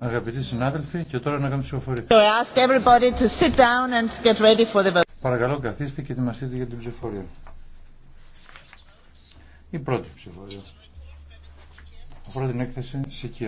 Αγαπητοί συνάδελφοι, και τώρα να κάνουμε ψηφοφορία. Παρακαλώ καθίστε και ετοιμαστείτε για την ψηφοφορία. Η πρώτη ψηφοφορία. Αφορά την έκθεση Σικία.